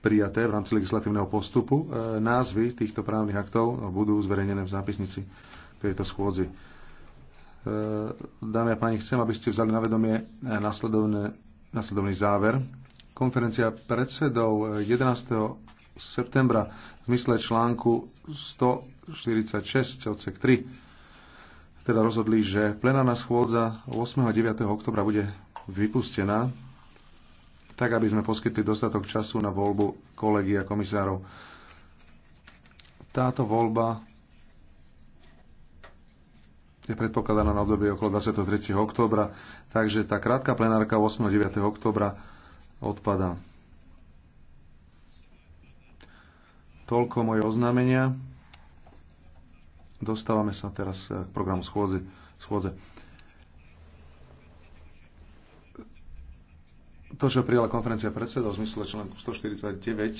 prijaté v rámci legislatívneho postupu. E, názvy týchto právnych aktov budú zverejnené v zápisnici tejto schôdzi. E, dámy a páni, chcem, aby ste vzali na vedomie nasledovný záver. Konferencia predsedov 11. septembra v mysle článku 146 odsek 3 teda rozhodli, že plenárna schôdza 8. a 9. oktobra bude vypustená tak aby sme poskytli dostatok času na voľbu kolegy a komisárov. Táto voľba je predpokladaná na obdobie okolo 23. oktobra, takže tá krátka plenárka 8. a 9. oktobra odpadá. Toľko moje oznámenia. Dostávame sa teraz k programu schôdze. schôdze. to, čo prijala konferencia predsedov v zmysle článku 149